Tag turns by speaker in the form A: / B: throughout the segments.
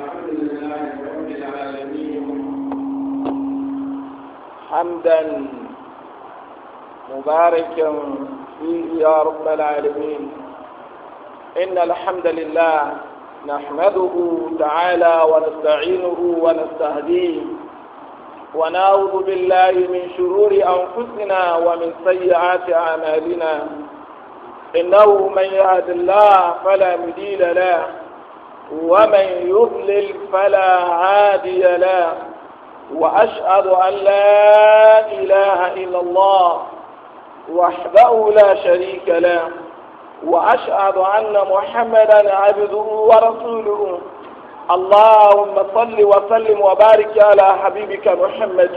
A: الحمد لله رب العالمين حمدا مباركا فيه يا رب العالمين إن الحمد لله نحمده تعالى ونستعينه ونستهديه ونعوذ بالله من شرور أنفسنا ومن سيئات أعمالنا إنه من يهد الله فلا مديل له ومن يضلل فلا هادي له وأشهد أن لا إله إلا الله وحده لا شريك له وأشهد أن محمدا عبده ورسوله اللهم صل وسلم وبارك على حبيبك محمد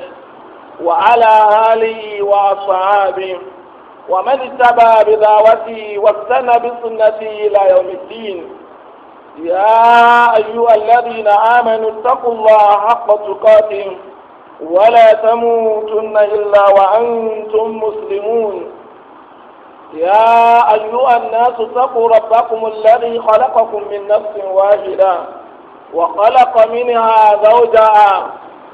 A: وعلى آله وأصحابه ومن اتبع بدعوته واستنى بسنته إلى يوم الدين يا أيها الذين آمنوا اتقوا الله حق تقاتهم ولا تموتن إلا وأنتم مسلمون يا أيها الناس اتقوا ربكم الذي خلقكم من نفس واحدة وخلق منها زوجها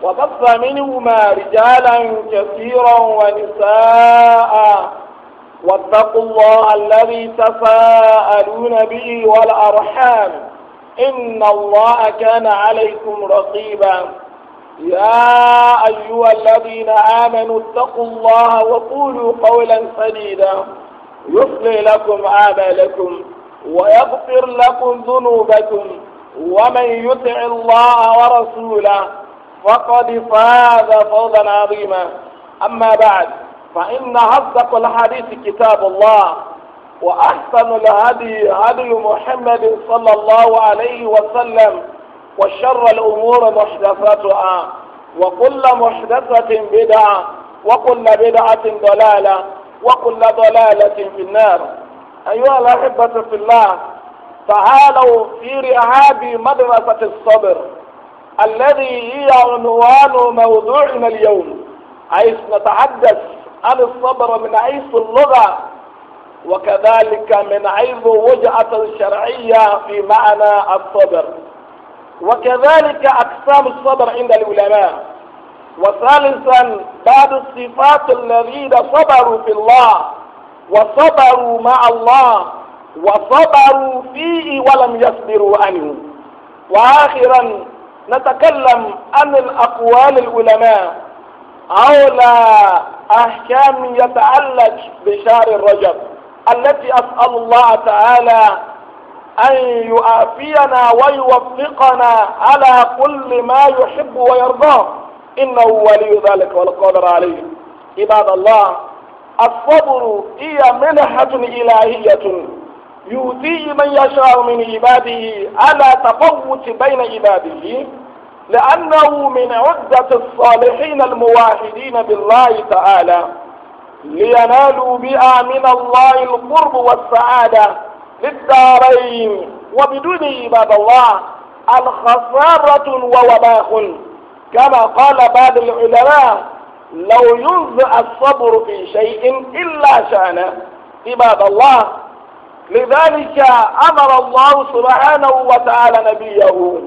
A: وبث منهما رجالا كثيرا ونساء واتقوا الله الذي تساءلون به والأرحام إن الله كان عليكم رقيبا يا أيها الذين آمنوا اتقوا الله وقولوا قولا سديدا يصلي لكم آمالكم ويغفر لكم ذنوبكم ومن يطع الله ورسوله فقد فاز فوزا عظيما أما بعد فإن أصدق الحديث كتاب الله وأحسن الهدي هدي محمد صلى الله عليه وسلم وشر الأمور محدثاتها وكل محدثة بدعة وكل بدعة ضلالة وكل ضلالة في النار أيها الأحبة في الله تعالوا في رعاب مدرسة الصبر الذي هي عنوان موضوعنا اليوم حيث نتحدث عن الصبر من حيث اللغة وكذلك من عيب وجعه شرعية في معنى الصبر وكذلك أقسام الصبر عند العلماء وثالثا بعض الصفات الذين صبروا في الله وصبروا مع الله وصبروا فيه ولم يصبروا عنه وآخرا نتكلم عن الأقوال العلماء حول أحكام يتعلق بشهر الرجب التي أسأل الله تعالى أن يعافينا ويوفقنا على كل ما يحب ويرضاه إنه ولي ذلك والقادر عليه عباد الله الصبر هي منحة إلهية يؤتيه من يشاء من عباده على تفوت بين عباده لأنه من عدة الصالحين الموحدين بالله تعالى لينالوا بها من الله القرب والسعادة للدارين وبدون عباد الله الخسارة ووباخ كما قال بعض العلماء لو ينزع الصبر في شيء إلا شانه عباد الله لذلك أمر الله سبحانه وتعالى نبيه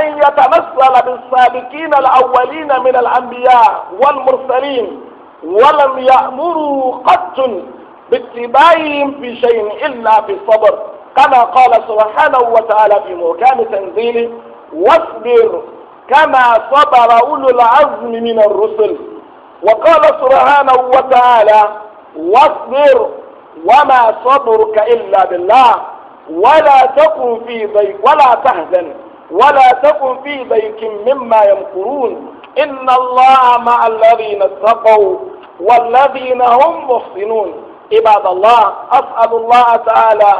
A: أن يتمثل بالسابقين الأولين من الأنبياء والمرسلين ولم يأمروا قط باتباعهم في شيء إلا في الصبر كما قال سبحانه وتعالى في مكان تنزيله واصبر كما صبر أولو العزم من الرسل وقال سبحانه وتعالى واصبر وما صبرك إلا بالله ولا تكن في ضيق ولا تهزن ولا تكن في بيت مما يمكرون إن الله مع الذين اتقوا والذين هم محسنون عباد الله أسأل الله تعالى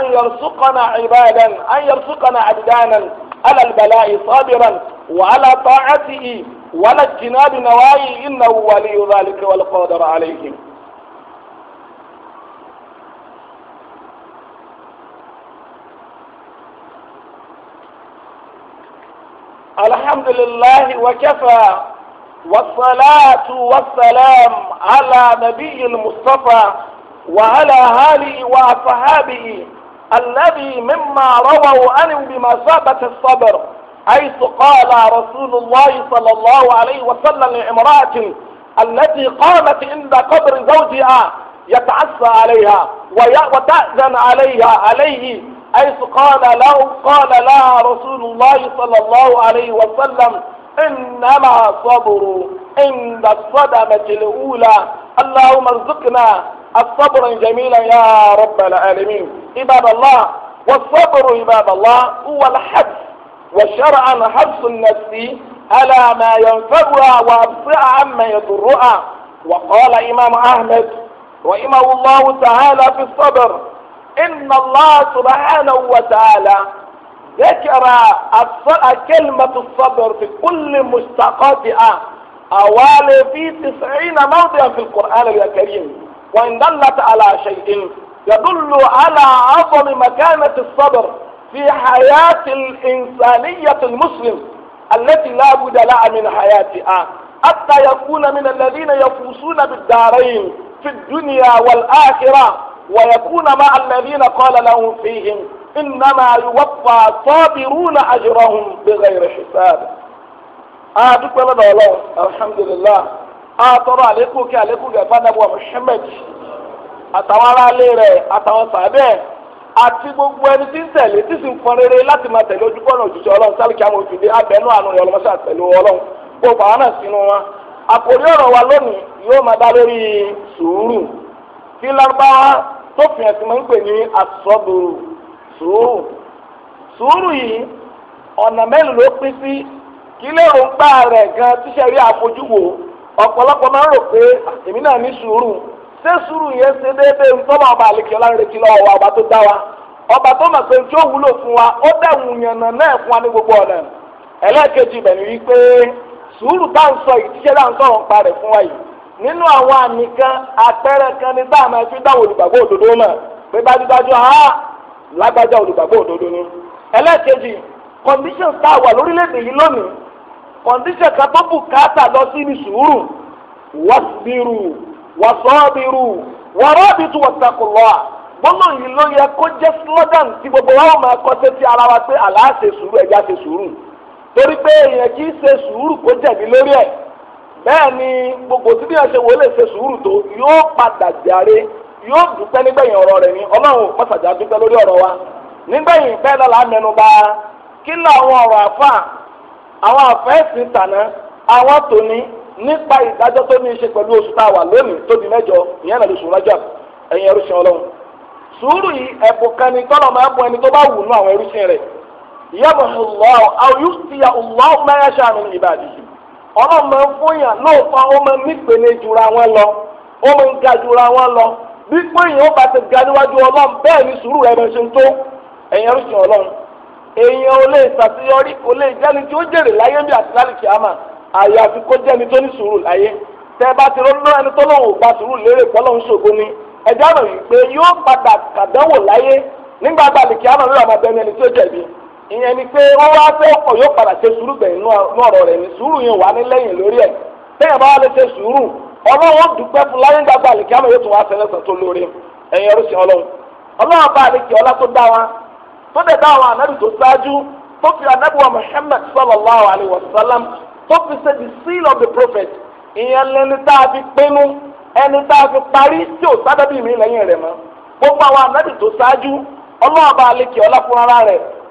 A: أن يرزقنا عبادا أن يرزقنا عبدانا على البلاء صابرا وعلى طاعته ولا اجتناب نواهي إنه ولي ذلك والقادر عليهم الحمد لله وكفى والصلاة والسلام على نبي المصطفى وعلى آله وأصحابه الذي مما رووا عنه بمثابة الصبر حيث قال رسول الله صلى الله عليه وسلم لامرأة التي قامت عند قبر زوجها يتعسى عليها وتأذن عليها عليه حيث قال له قال لها رسول الله صلى الله عليه وسلم إنما صبروا عند الصدمة الأولى اللهم ارزقنا الصبر جميلا يا رب العالمين عباد الله والصبر عباد الله هو الحبس وشرعا حبس النفس على ما ينفعها وأبصع عما يضرها وقال إمام أحمد رحمه الله تعالى في الصبر إن الله سبحانه وتعالى ذكر كلمة الصبر في كل مشتقاتها أوالي في تسعين موضع في القرآن الكريم وإن دلت على شيء يدل على عظم مكانة الصبر في حياة الإنسانية المسلم التي لا بد لها من حياتها حتى يكون من الذين يفوزون بالدارين في الدنيا والآخرة ويكون مع الذين قال لهم فيهم إنما يوفى الصابرون أجرهم بغير حساب أدوك لنا الحمد لله أترى عليكم كعليكم كفانا محمد àtàwọn aráalé rẹ̀ àtàwọn àti gbogbo ẹni tí ń tẹ̀lé tí sì ń fọn rere láti máa tẹ̀lé òjijì ọlọ́run àwọn abẹ́nú àánú rẹ̀ ọlọ́mọṣẹ́ àtẹ̀lé ọlọ́run gbogbo àwọn náà sínú wọn. àkòrí ọ̀rọ̀ wa lónìí yóò máa dá lórí sùúrù kí lárúbáwá tó fi ẹ̀sìn máa ń pè ní asọ́bùrù sùúrù sùúrù yìí ọ̀nà mélòó ló pín sí kí lérò ń pa rẹ̀ gan tíṣẹ́ rí wò? ọ̀pọ̀lọpọ̀ máa ń rò pé èmi náà ní sùúrù ṣé sùúrù yẹn ṣe déédéé ń ọba àlekè ọlárẹ̀kì lọ́wọ́ wa ọba tó dá wa ọba tó mọ̀ pé tí ó wúlò fún wa ó dẹ̀wù yànnà náà fún wa ní gbogbo ọ̀nà ẹlẹ́ẹ̀kejì nínú àwọn àmì kan àpẹẹrẹ kan ní bá àmà fi dáwọ olùgbàgbọ́ òdodo mọ̀ pé dájúdájú ha lágbájá olùgbàgbọ́ òdodo ni. ẹlẹ́ẹ̀kejì condition tá a wà lórílẹ̀‐èdè yìí lónìí condition kan tó bù káàtà lọ sí ní sùúrù wàsbírù wàsọ́ọ̀bírù wàrọ́ọ̀bìtú wàtàkùlọ́ à yìí ló yẹ kó jẹ́ slogan tí gbogbo wa ó máa kọ́ ara wa pé sùúrù bẹ́ẹ̀ ni gbogbo tí bí wọ́n ṣe wò lè ṣe sùúrù tó yóò padà jàre yóò dúpẹ́ nígbẹ̀yìn ọ̀rọ̀ rẹ̀ ni ọlọ́run wa nígbẹ̀yìn bẹ́ẹ̀ lọ́la mẹnuba kí ọ̀rọ̀ àwọn àwọn tòní nípa ìdájọ́ tó ní í ṣe pẹ̀lú oṣù mẹ́jọ ìyẹn náà ẹrúṣin ọlọ́run sùúrù yìí ẹ̀bùn kan ni tọ́lọ̀ máa bọ ẹni tó bá wù nú ọlọ́run máa ń fún yàn lóòótọ́ ó máa ń nípele jura wọn lọ ó máa ń ga wọn lọ bí pé ó bá ti ga níwájú ọlọ́run bẹ́ẹ̀ ni sùúrù rẹ̀ ṣe ń tó ẹ̀yìn ọlọ́run èèyàn ò lè ṣàṣeyọrí kò lè jẹ́ni tí ó jèrè láyé bí àti kó jẹ́ni tó ti rọ́nú ẹni tó ni ẹjọ́ yìí pé yóò padà kàdánwò láyé nígbà ẹni tó ìyẹn ni pé wọ́n wá fẹ́ ọkọ̀ yóò padà ṣe sùúrù gbẹ̀yìn ní ọ̀rọ̀ rẹ̀ sùúrù yẹn wà ní lẹ́yìn lórí ẹ̀ bẹ́ẹ̀ bá wà lè ṣe sùúrù ọlọ́run dùpẹ́ fún láyé gbàgbà àlèkí àmọ́ yóò tún wá sẹ́lẹ̀ sàn tó lórí ẹ̀yìn ọ̀rọ̀ ọlọ́run ọlọ́run bá ọlá tó dá wa tó dẹ̀ dá àwọn tó ṣáájú tó fi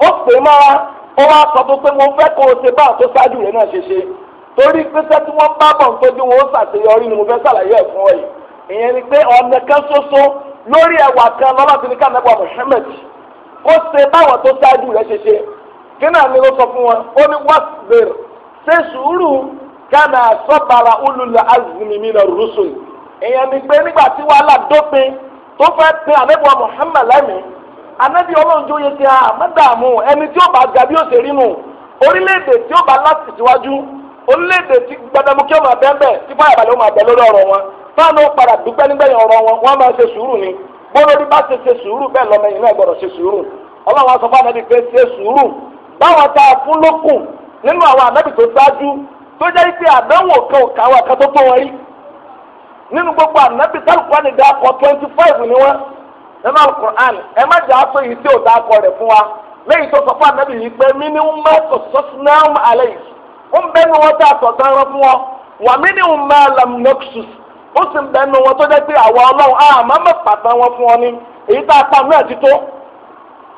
A: ó pè é mọ́ra ó wá sọ fún pé mo fẹ́ kó o ṣe báà tó ṣáájú rẹ̀ náà ṣe ṣe torí pé sẹ́ tí wọ́n bá bọ̀ ń tójú wọn ó ṣàṣeyọrí ni mo fẹ́ ṣàlàyé ẹ̀ fún ọ yìí ìyẹn ni pé ọ̀nà kan ṣoṣo lórí ẹwà kan lọ́lọ́sí ní kánẹ́gbà Muhammad ó ṣe báwọn tó ṣáájú rẹ̀ ṣe ṣe kí náà ni ó sọ fún wọn ó ní wasbir ṣe sùúrù kánà sọ́bàrà ulùlà azmi mina rusul ìyẹn ni pé nígbà tí wàhálà dópin tó fẹ́ pin àmẹ́gbà Muhammad lẹ́mìí anebi ọlọ́njọ́ yẹ ti hàn mẹ́dààmú ẹni tí ó bá ga bí ó ṣe rí nù orílẹ̀-èdè tí ó bá láti síwájú orílẹ̀-èdè tí gbadamukẹ́ ọmọ abẹ́ńbẹ́ tí fáyàbalẹ̀ ọmọ lórí ọ̀rọ̀ wọn padà dúpẹ́ nígbẹ̀yìn ọ̀rọ̀ wọn ni bólórí bá ṣe ṣe sùúrù bẹ́ẹ̀ lọ́mọ náà gbọ́dọ̀ ṣe sùúrù ọlọ́run aṣọ fún anábì pé ṣe sùúrù báwọn ta fún nínú àwọn tó ṣáájú tó jẹ́ pé àdánwò kan kan tó five ni nínú alukur'an ẹ má jà á yìí tí ò dá akọ fún wa lẹ́yìn tó sọ fún anabi yìí pé ni wọn tá a tọ̀tọ̀ fún wọn wà mí ni ń lam nexus ó wọn tó jẹ́ pé àwa ọlọ́run a má má pàtàn wọn fún wọn ni èyí tá a pa mí àti tó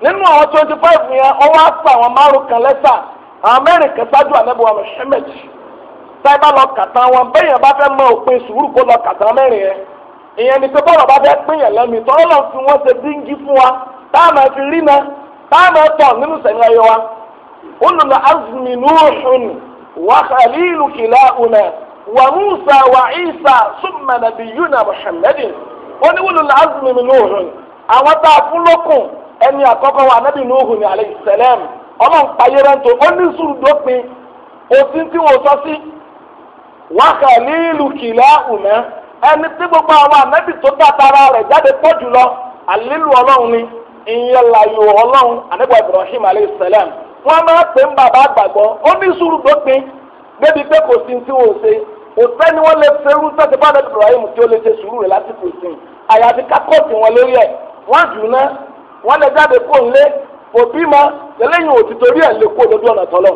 A: nínú àwọn twenty five yẹn ọwọ́ àpò àwọn márùn kan lẹ́sà anabi bá lọ kàtà wọn bá fẹ́ ìyẹn ni pé bọ́ọ̀lù bá fẹ́ pínyàn lẹ́nu ìtọ́lọ́ lọ fi wọ́n ṣe fi rí na táàmù tọ̀ nínú ayé wa olùlọ azumi nuuhun wa khalilu wa musa wa isa summa n'abi muhammadin wọn ni olùlọ azumi nuuhun àwọn tá a fún lókun anabi nuuhun ni alayhi salam ọmọ nkpayẹrẹ ó ní sùúrù dópin òsín tí wọ́n sọ sí ẹni tí gbogbo àwọn ànábì tó dátara rẹ̀ jáde pọ̀ jùlọ àlílù ọlọ́run ni ìyẹn làyò ọlọ́run ànábì Ibrahim alayhi salam wọ́n máa pè ń bàbá àgbàgbọ́ ó ní sùúrù dópin débi pé kò sí tí wọ́n ṣe kò sẹ́ni wọ́n lè ṣerú sẹ́sẹ̀ bá ànábì Ibrahim tí ó lè ṣe sùúrù rẹ̀ lásìkò ìsìn àyàfi kákọ́ọ̀tì wọn lórí ẹ̀ wọ́n jù náà wọ́n lè jáde kó ńlé òbí ma tẹ́lẹ̀yìn òtítọ́rí ẹ̀ lè kó lójú ọ̀nà tọ́lọ̀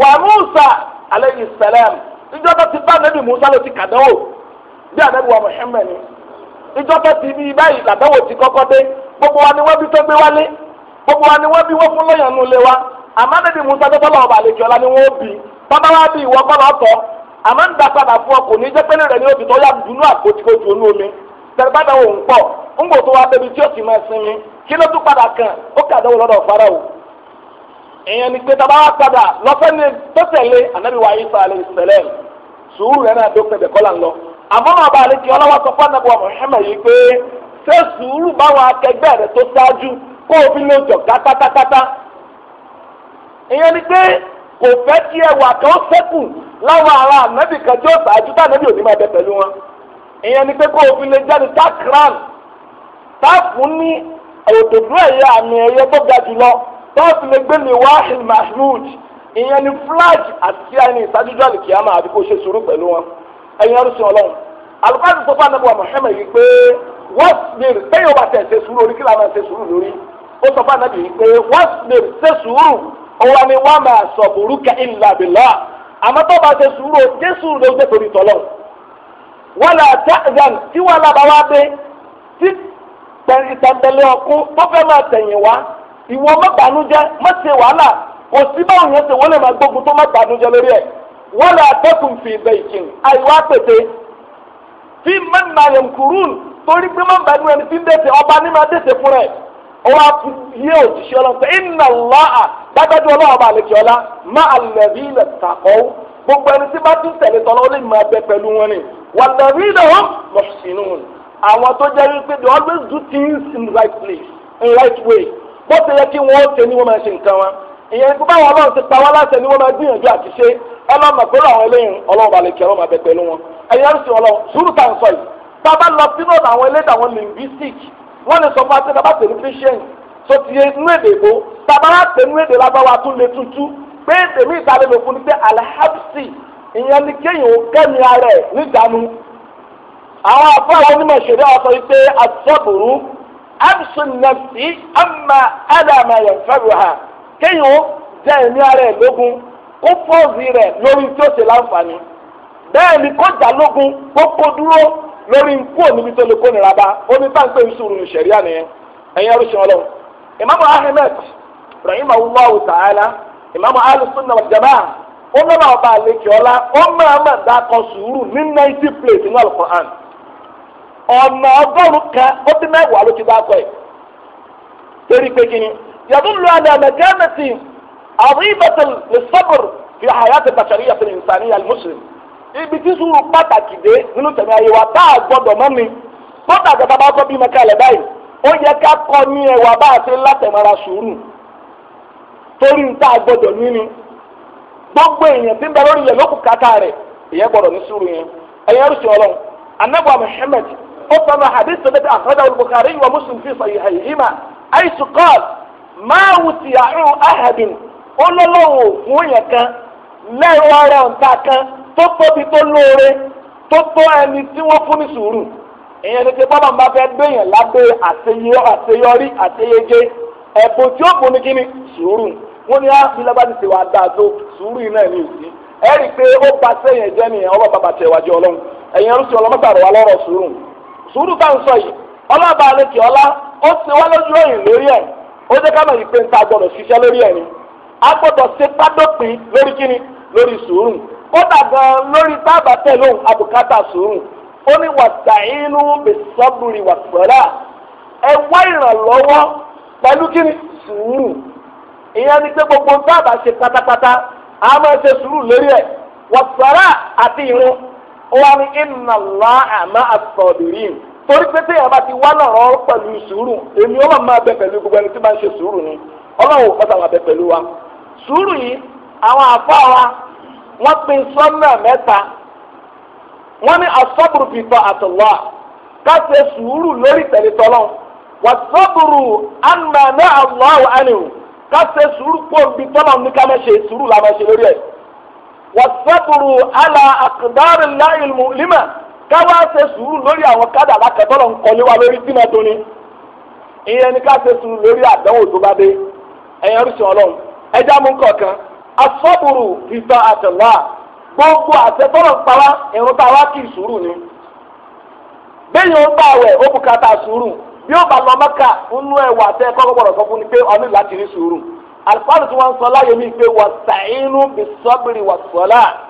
A: wà Musa alayhi salam ìjọba ti bá ànábì Musa ló ti kàdánwò bí a Muhammad ni ìjọba ti bí báyìí làbẹ́wò ti kọ́kọ́ dé gbogbo wa ni wọ́n bí tó gbé wálé gbogbo wa ni wọ́n bí wọ́n fún lọ́yàn wa musa tó tọ́lọ̀ ọba àlejò ọ̀la ni wọ́n bí bàbá wa bí ìwọ kọ́ lọ́tọ̀ fún ọ kò ní jẹ́ pẹ́lẹ́ rẹ̀ ní òbí tó yà omi pọ̀ wa tí máa sinmi kí o èèyàn pé padà lọ́fẹ́ ni tó àmọ́nà ọba àlejò ọlọ́wọ́ sọ fún pe yìí pé ṣé sùúrù báwọn akẹgbẹ́ tó ṣáájú kó o fi lè jọ kátákátá ìyẹn ni pé kò fẹ́ kí ẹwà kan sẹ́kù láwọn ará ànábì kan ṣáájú tá ànábì máa bẹ pẹ̀lú wọn ìyẹn ni pé kó o fi lè jáde tákìrán ní ni flag àti ẹni ìṣáájú ẹ̀yin ọ̀rùsùn ọlọ́run alukadu tó bá nàbí wa Muhammad yìí pé wọ́n bèrè bẹ́ẹ̀ bá tẹ̀ ṣe sùúrù orí kílámà ṣe sùúrù lórí ó sọ fún anabi yìí pé wọ́n bèrè sùúrù òwa ni wọ́n máa sọ burúkẹ́ illa billah àmọ́ tó bá ṣe sùúrù o dé sùúrù ló dé torí tọ́lọ́ wọ́n là tẹ́ẹ̀dán tí wọ́n là bá wá dé tí tẹ̀lé ọkùn tó fẹ́ máa tẹ̀yìn wá ìwọ mọ́bànújẹ́ mọ́ṣe wàhálà kò yẹn ṣe wọlé máa gbógun tó mọ́bànújẹ́ lórí ẹ̀ wọ́lá bọ́tùn fi bẹ̀yìn àìwá pètè fi mẹ́nà yẹn kúrún torí pé máa ń bá níwẹ̀ẹ́ni fi ń dẹ̀sẹ̀ ọba nínú adẹ́sẹ̀ fún rẹ̀ ọwọ́ yé òjíṣẹ́ ọlọ́run pé iná lọ́à dájú ọlọ́run ọba àlejò ọlá má àlẹ́bí ilẹ̀ tàkọ́ gbogbo ẹni tí bá tún tẹ̀lé tọ́lá ó lè máa bẹ pẹ̀lú wọn ni wàlẹ́bí ilẹ̀ wọn mọ̀ṣínú to tó jẹ́ wípé they always do things in the right place in the right way bó ti yẹ kí wọ́n ṣe ni wọ́n máa ṣe nǹkan wọn ìyẹn tó báwọn ọlọ́run ti pa wá láṣẹ ni wọ́n máa gbìyànjú àti ṣe ọlọ́mọ pẹ̀lú àwọn eléyìn ọlọ́run balẹ̀ kí ọlọ́run abẹ pẹ̀lú wọn ẹ̀yin arúgbó ọlọ́run sùúrù tá à ń sọ yìí bàbá lọ sínú ọ̀dọ̀ àwọn eléyìí àwọn linguistic wọ́n lè sọ fún wa pé bàbá pẹ̀lú patient tó ti yé inú èdè ìbò bàbá wa pẹ̀lú èdè lábáwá tún lè tutù pé èdè mi fún ni pé alhabsi ìyẹn ni kéèyàn kéèyàn ó jẹ́ ẹ̀mí ara ẹ̀ lógun kó fọ́ọ̀sì rẹ̀ lórí tí ó ṣe láǹfààní bẹ́ẹ̀ ni kó jà lógun kó kó dúró lórí nkú òníbi tó lè kó nira bá omi tá n pè ní sùúrù ṣẹ̀ríà nìyẹn ẹ̀yin ẹrú ṣan ọlọ́run ìmáàmù ahmed rahimahullahu ta'ala ìmáàmù alùsùnà jama ó mẹ́wàá ọba àlekè ọlá ó máa máa dákọ̀ sùúrù ní ninety plate ní alukur'an ọ̀nà ọgọ́rùn-ún kan ó dín mẹ́wàá ló ti ẹ̀ torí pé يدل على مكانة عظيمة للصبر في حياة البشرية في الإنسانية المسلم ibi tí sùúrù pàtàkì dé nínú tẹ̀mí ayé wa tá a gbọ́dọ̀ mọ́ mi bọ́tà àgbàtà bá tọ́ bímọ kalẹ̀ báyìí ó yẹ ká kọ́ ní ẹwà bá a ṣe látẹ̀mọ́ra sùúrù torí ń tá a gbọ́dọ̀ ní ni gbogbo èèyàn tí ń bẹ lórí ilẹ̀ lókù kàtà rẹ̀ ìyẹn gbọ́dọ̀ ní sùúrù yẹn ẹ̀yẹ́ rúṣì ọlọ́run anábọ̀ Muhammad ó sọ hadith sọ́dọ̀ àkọ́dà Bukhari wa máa wù sí àrùn ahadin olólùwò fún yẹn kan lẹ́rù ara ọ̀ǹta kan tó tóbi tó lóore tó tó ẹni tí wọ́n fún ní sùúrù èèyàn tètè bọ́lá ń bá fẹ́ gbẹ̀yàn lábẹ́ àṣeyọrí àṣeyege ẹ̀bùn tí ó bùn ní kíni sùúrù wọ́n ní áfílẹ́ ah, bá ti ṣe wàá dáa tó sùúrù yìí náà ní ìsí ẹ rí i pé ó pa sẹ́yìn ẹ̀jẹ̀ nìyẹn ọba bàbá wájú ọlọ́run ẹ̀yìn ẹrú sí ọlọ́mọ́sàrọ̀ wa lọ́rọ̀ sùúrù sùúrù bá ń sọ yìí ọlọ́ba àlekè ọlá ó ti wá lójú òyìn lórí ẹ̀ ó jẹ́ ká mọ̀ yìí pé ń ta gbọ́dọ̀ ṣiṣẹ́ lórí ẹ̀rín a gbọ́dọ̀ ṣe pádópin lórí kíni lórí sùúrù kódà gan lórí tábà tẹ̀lé òun àbùkátà sùúrù ó ní wàtàínú bẹ̀sọ́bùrì wàtàlá ẹ wá ìrànlọ́wọ́ pẹ̀lú kíni sùúrù ìyẹn ni pé gbogbo tábà ṣe pátápátá a máa ṣe sùúrù lórí ẹ̀ wàtàlá àti ìrún ó wá ní ìnàlá àmọ́ torí pé téèyàn bá ti wá lọ́rọ̀ pẹ̀lú sùúrù èmi ó máa bẹ pẹ̀lú gbogbo ẹni tí máa ń ṣe sùúrù ni ọlọ́run ọ̀tá máa bẹ pẹ̀lú wa wa wọ́n yi sọ́nà mẹ́ta wọ́n ní asọ́bùrù fìtọ́ àtọ̀lọ́ ká ṣe sùúrù lórí tẹ̀lé tọ́lọ́ wà sọ́bùrù ànàmẹ́ àlọ́ọ̀ ànìwò ká ṣe sùúrù tọ́lọ́ ní ká ṣe sùúrù ṣe lórí ẹ̀ wà ká wá ṣe sùúrù lórí àwọn kádàrá kẹtọ́lọ̀ ń kọ́lé wa lórí tí mẹ́tò ni ìyẹn ni ká ṣe sùúrù lórí àdánwò tó bá dé ẹ̀yẹn rúṣin ọlọ́run ẹja mú kọ̀ọ̀kan asọ́bùrù ìta àtẹ̀lá gbogbo àtẹ̀tọ́lọ̀ ń ìrún wá ni bẹ́ẹ̀ yóò bá wẹ̀ ó bùkátà sùúrù bí ó bá lọ mọ́kà nínú ẹ̀wà tẹ́ kọ́kọ́ gbọ́dọ̀ ni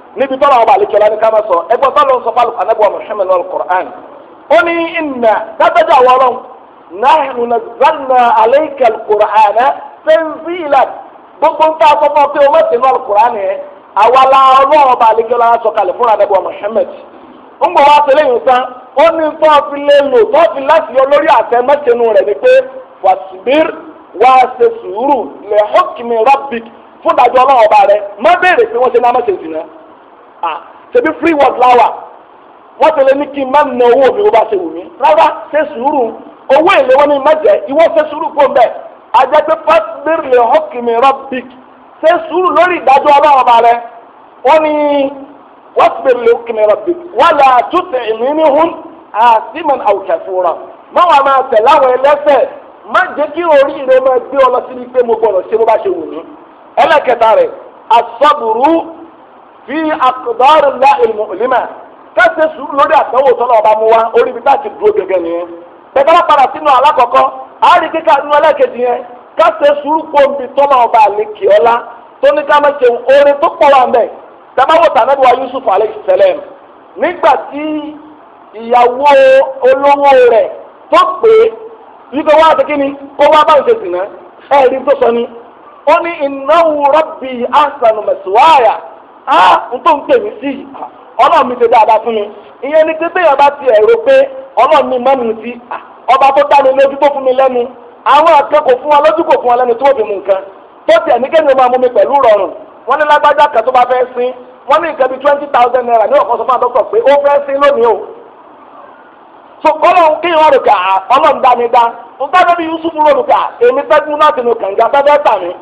A: níbi tọ́lá ọba àlejòlá ní kámẹ́ sọ ẹgbẹ́ tọ́lá ń sọ anábọ̀ Muhammad ní alukur'an ó ní ìnà dábẹ́jà wọ́lọ́n gbogbo ń sọ fún ọ pé o la ọba sọ kalẹ̀ fún anábọ̀ ń wá sílẹ̀ yìí tán ó ní lò láti yọ lórí àtẹ rẹ̀ ni pé wàsíbír wá ṣe sùúrù lè hókìmí rabbik fún ìdájọ́ rẹ̀ má béèrè pé sebi free word láwà wọ́n tẹ̀lé ní kí n má na owó mi bó bá ṣe wù mí rárá ṣe sùúrù owó èlé wọn ni má jẹ ìwọ ṣe sùúrù kó ń bẹ àjẹpẹ́ fásitì lè hókìmí rọ́bìk ṣe sùúrù lórí ìdájọ́ ọlọ́run ọba rẹ wọ́n ní wọ́pẹ̀ lè hókìmí rọ́bìk wọ́n là tútẹ̀ ìmíní hún àtìmọ̀ àwùkẹ́fúnra má wàá máa tẹ̀ láwọn ẹlẹ́sẹ̀ má jẹ́ kí orí gbé pé mo gbọ́dọ̀ ṣe bó bá ṣe wù mí Asaburu. fi àkùdárì ńlá ìmọ̀lẹ́mà kẹ́sẹ̀ sùúrù lórí àtẹ̀wò tọ́lọ̀ ọba mu wa orí ibi táàkì dúró gẹ́gẹ́ nìyẹn tẹ̀tẹ̀rẹ̀ padà sínú alákọ̀ọ́kọ́ àárí kíkà nínú ẹlẹ́kẹ̀dì yẹn kẹ́sẹ̀ sùúrù pòǹbì tọ́lọ̀ ọba àlekì ọlá tó ní ká mẹ́sẹ̀ orin tó pọ̀ wà mẹ́ tẹ́báwò tànàbí wa Yusuf alayhi salam nígbà tí ìyàwó olówó rẹ̀ tó pé yíkọ wá àti kíni kó wá bá náà tó sọ ni ó ní innahu rabbi ahsanu maswaya ah n ń pè mí sí ah, ọlọ́run mi ṣe dáadáa fún mi ìyẹn ni pé bẹ́ẹ̀ bá ti ẹ̀rọ pé ọlọ́run mi mọ́ mi sí ọba tó lójú tó fún mi lẹ́nu àwọn akẹ́kọ̀ọ́ fún wọn lójú kò fún wọn lẹ́nu tó fi mú nǹkan tó tiẹ̀ ní kéde máa mú rọrùn wọ́n ní lágbájá kan tó bá sin wọ́n ní nǹkan naira ní ọ̀kan sọ fún àdókò sin lónìí o so ọlọ́run kí wọ́n rò ah, ọlọ́run dá mi dá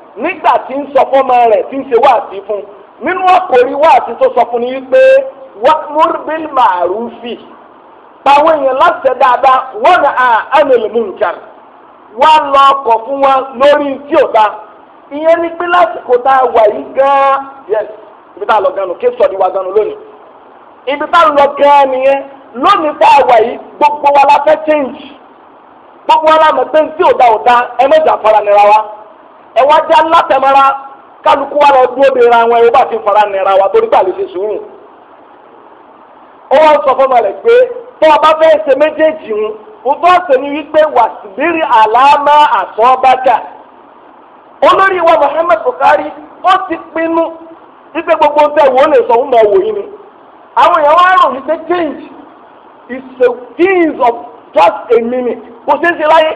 A: nígbà tí ń sọ fọ́mọ rẹ̀ tí ń ṣe wáàsí fún nínú àkòrí wáàsí tó sọ fún ni wípé wa'mur bil ma'rufi pàwọn èèyàn láti ṣe dáadáa wọn à anil munkar wá lọ ọkọ̀ fún wọn lórí tí ò dáa ìyẹn ní pé lásìkò tá a wà yìí gan-an yes ibi tá a lọ gan-an kí sọ̀dí wa gan-an lónìí ibi tá a lọ gan-an nìyẹn lónìí tá a wà yìí gbogbo wa la fẹ́ change gbogbo wa la mọ̀ pé tí ò dáa ò dáa ẹ mẹ́jà fara nira wa. ẹ wá já látẹmọ́ra kálukú wa lọ dúró de ra wọn ẹ wọ́n bá ti fara nira wa torí pàlè ṣe sùúrù ó wá sọ fún ọmọ rẹ pé tó o bá fẹ́ ṣe méjèèjì ń àlámà olórí wa Muhammad Buhari ó ti pinnu wípé gbogbo ń ewu lè sọ fún ọmọ wòyí ni àwọn èèyàn wá rò wípé change of just a minute kò ṣeé ṣe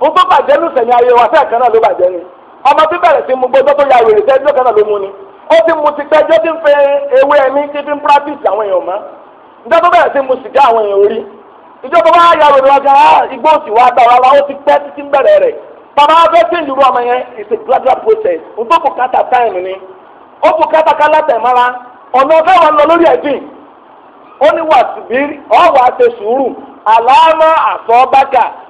A: ó tó bàjẹ́ ló sẹ̀yìn ayé wa sẹ́ẹ̀kan náà bàjẹ́ ni ọmọ tó bẹ̀rẹ̀ sí mu gbọ́dọ̀ tó ya wèrè sẹ́ẹ̀jọ́ kan náà ló mu ni ti mu ti tẹ́jọ́ ti ń fẹ́ ewé ẹni tí fi ń pírátìsì àwọn èèyàn mọ́ bẹ̀rẹ̀ sí mu sìgá àwọn èèyàn orí ìjọ tó ya wèrè ah, igbó òsì wa ó ti pẹ́ títí ń bẹ̀rẹ̀ rẹ̀ bàbá wa fẹ́ sí ìlú a gradual process tó bùkátà ni ó bùkátà ọ̀nà ọ̀fẹ́ wa lọ lórí ẹ̀dín ó ní wàsíbí ọ̀wà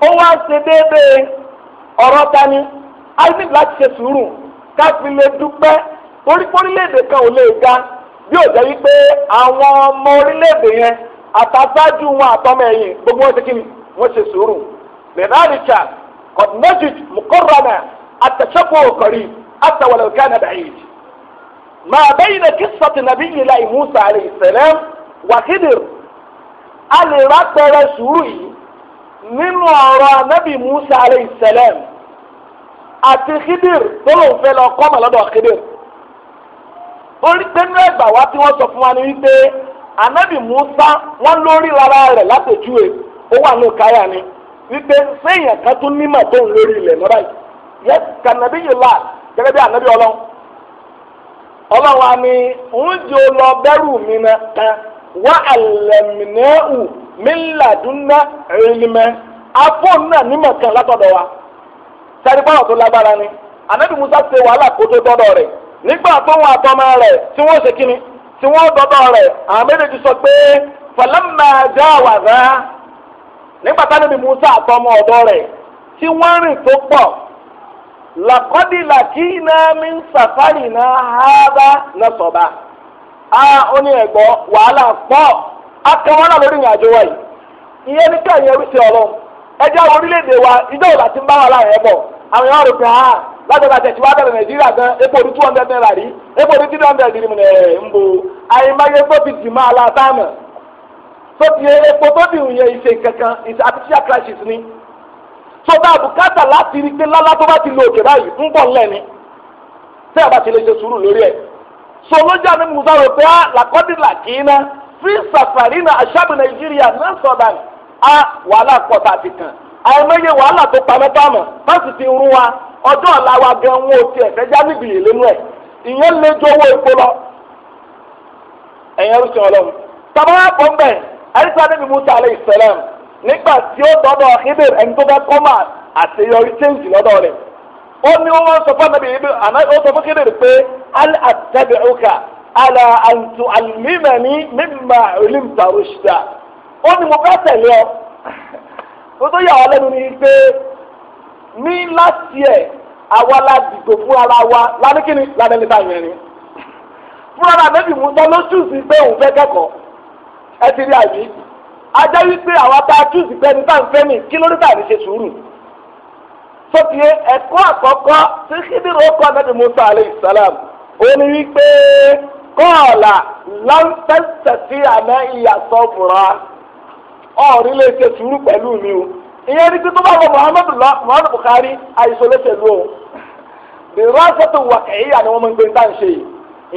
A: ó wá ṣe déédéé ọ̀rọ̀ ni isaac láti ṣe sùúrù ká fi lè dúpẹ́ torí orílẹ̀-èdè kan ò lè ga bí ó jẹ́ wípé àwọn ọmọ orílẹ̀-èdè yẹn àtàgbájú wọn àtọmọ gbogbo wọn ti kí ni wọ́n ṣe sùúrù lẹ́nàríkà kọ̀dínẹ́jìd mùkọ́rọ̀nà àtẹ̀sẹ́kọ̀ òkọ̀rí na kánà bàyìd. máa bẹ́yìn náà kíṣọ́tì nàbí ìlà nínú ọ̀rọ̀ anábì musa alayhi salam àti khidir tó ló ń fẹ́ lọ kọ́ màlọ́dọ̀ khidir orí tẹ́nu ẹgbà wá tí wọ́n sọ fún wa ni wípé anábì musa wọ́n lórí rárá rẹ̀ látòjúwe ó wà ní òkáyà ni wípé sẹ́yìn kan tún nímọ̀ tó ń lórí ilẹ̀ náà báyìí yẹ kànábì yìí là gẹ́gẹ́ bí anábì ọlọ́run ọlọ́run wa ni òun jẹ́ olọ bẹ́rù mi náà وعلمناه من لدنا علما afọ́n náà nímọ̀ kan látọ̀dọ̀ wa sẹ́ni báwọn tó lágbára ni anabi musa ṣe wàhálà kó tó dọ́dọ̀ rẹ̀ nígbà tóun àtọmọ rẹ̀ tí wọ́n ṣe kíni tí wọ́n dọ́dọ̀ rẹ̀ àwọn méjèèjì sọ pé falamma jawaza nígbà tánabi musa àtọmọ ọ̀dọ́ rẹ̀ tí wọ́n rìn tó pọ̀ làkọ́dí làkínà min safarina hada nasọ̀ba. Ah, a onye ní ẹ̀gbọ́ wàhálà pọ̀ akẹ́wọ́n náà lórí ìrìnàjò wa yìí ìyẹn ní kẹ́yìn ẹrú sí ọlọ́run ẹjẹ́ àwọn orílẹ̀-èdè wa ìjọ òlà ti ń bá wa láàyè bọ̀ àwọn èèyàn rò pé ha ah, látọ̀dọ̀ àtẹ̀tí wa bẹ̀rẹ̀ nàìjíríà gan epo ní two hundred naira rí epo ní three hundred rí mu nẹ̀ eh, ń bo àyèmáyé tó fi dìímọ̀ aláàtàmù tó ti epo tó dì ń ìṣe kankan ìṣe artificial crisis ni tó bá bùkátà láti rí pé lọ́lá tó bá ti lo òkè báyìí ń bọ̀ ni tẹ́ sọlọ́jà ni musa rò pé làkọ́dí ah, làkínná fi sàfàrínà aṣáàbù nàìjíríà náà sọ̀dà a wàhálà pọ̀tà ti kàn àìmọye wàhálà tó pamọ́pamọ́ fásitì ti rún wa ọjọ́ ọ̀la wa gan wọn ò tiẹ̀ fẹ́ já níbi ìlénú ẹ̀ ìyẹn lè ju owó epo lọ ẹ̀yẹn rúṣin ọlọ́run tàbá wà pọ̀ mbẹ́ àríṣà níbi musa alẹ́ ìsẹ̀lẹ̀m nígbà tí ó dọ́dọ̀ ibèr ẹni tó fẹ́ kọ́ máa àṣeyọrí chéǹjì lọ́dọ̀ rẹ̀ ó ní wọ́n sọ fún anabi ibi àná ó sọ fún kéde pé al attabi'uka ala an tu'allimani mimma ulimta rushda ó ní mo fẹ́ tẹ̀lé ọ tó tó yà wá lẹ́nu ni pé ní láti ẹ̀ àwa la dìgbò fún ara wa lálẹ́ kíni lálẹ́ níta yẹn ni fúnra náà bẹ́ẹ̀ bí mo ló túùsì pé òun fẹ́ kẹ́kọ̀ọ́ ẹ ti rí àyè ajá wípé àwa tá a túùsì pé ẹni tá à fẹ́ mi kí ló dé tà ní ṣe sùúrù. sọ́kìyẹ ẹ̀kọ́ àkọ́kọ́ tí kíndìn ó kọ́ anábì musa aleyhi salam ó ní wípé kọ́ọ̀là láńtẹ́sẹ̀tì àná ìyàtọ̀ bùrọ̀ ọ̀rí lè ṣe sùúrù pẹ̀lú mi o ìyẹn ní kí tó bá wọ muhammadu lọ muhammadu buhari àìsàn olóṣèlú o the rasa to wà ẹ̀yà ni wọ́n máa ń gbé nǹkan ṣe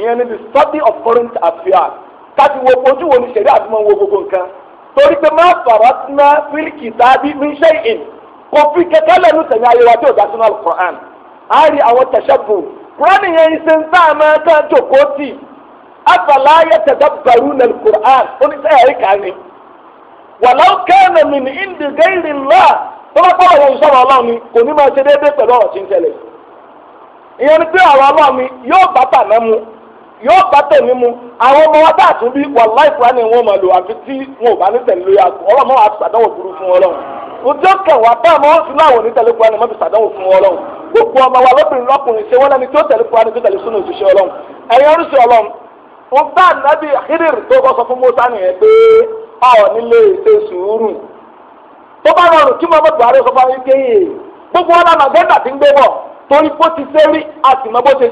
A: ìyẹn ní the study of foreign affairs káti wo ojú wo ni ṣẹ̀rí àti máa wo gbogbo nǹkan torí pé má fàrà ná fílíkì tàbí ní ṣẹ́yìn. òfin kẹkẹ lẹnu tẹ̀yìn ayé wa tí òjá sínú alukur'an a rí àwọn tẹ̀sẹ̀bù kúránì yẹn ń ṣe ń sá àmọ́ kan jòkó tì afala yatadabbaruna alukur'an oníṣẹ́ ẹ̀rí ni walau kana min indi ghairi Allah tó kọ́ àwọn òṣìṣẹ́ ọlọ́run ni kò ní máa ṣe déédéé pẹ̀lú ọ̀rọ̀ tí ń tẹ̀lé ìyẹn ni pé àwọn ọlọ́run yóò bá yóò bá mu àwọn ọmọ wa bá àtúndí wọn máa lò àfi ọjọ́ kẹwàá bá àwọn oṣù láwọn ní tẹ̀lé Kùránì mọ́bí sàdánwò fún ọlọ́run gbogbo ọmọ wa lọ́bìnrin lọ́kùnrin ṣe wọ́n lẹ́ni tó tẹ̀lé Kùránì tó tẹ̀lé súnà òṣìṣẹ́ ọlọ́run ẹ̀yin oríṣi ọlọ́run wọn bá nàbí hídìrì tó kọ́ sọ fún Mùsá nìyẹn pé ọ̀ nílé ṣe sùúrù tó bá rọrùn kí Muhammadu Buhari sọ fún ayíké yìí gbogbo wọn làwọn àgbẹ̀dà ti ń gbé bọ̀ torí bó ti ṣe rí àti mọ gbogbo ṣe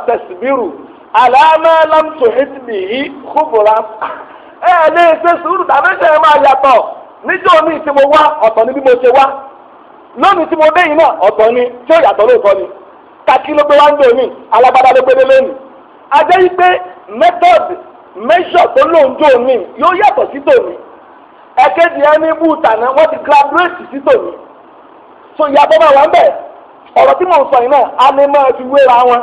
A: ṣe Alama lam hìtìmì yìí kúbùrà ẹ lè ṣe sùúrù tàbí ṣe máa yàtọ̀ níjọ́ ní tí mo wá ọ̀tọ̀ ni bí mo ṣe wá lónìí tí mo dé yìí náà ọ̀tọ̀ ni tí ó yàtọ̀ lóòótọ́ ni kàkí ló gbé wá ń gbé mi alágbádá ló gbé dé lónìí ajẹ́ yìí pé method measure tó lóun jó mi yóò yàtọ̀ sí tòmí ẹ̀kejì ẹni bú tàná wọ́n ti graduate sí tòmí so ìyàtọ̀ máa wà ń bẹ̀ ọ̀rọ̀ tí mò ń sọ yìí náà a lè máa fi wéra wọn.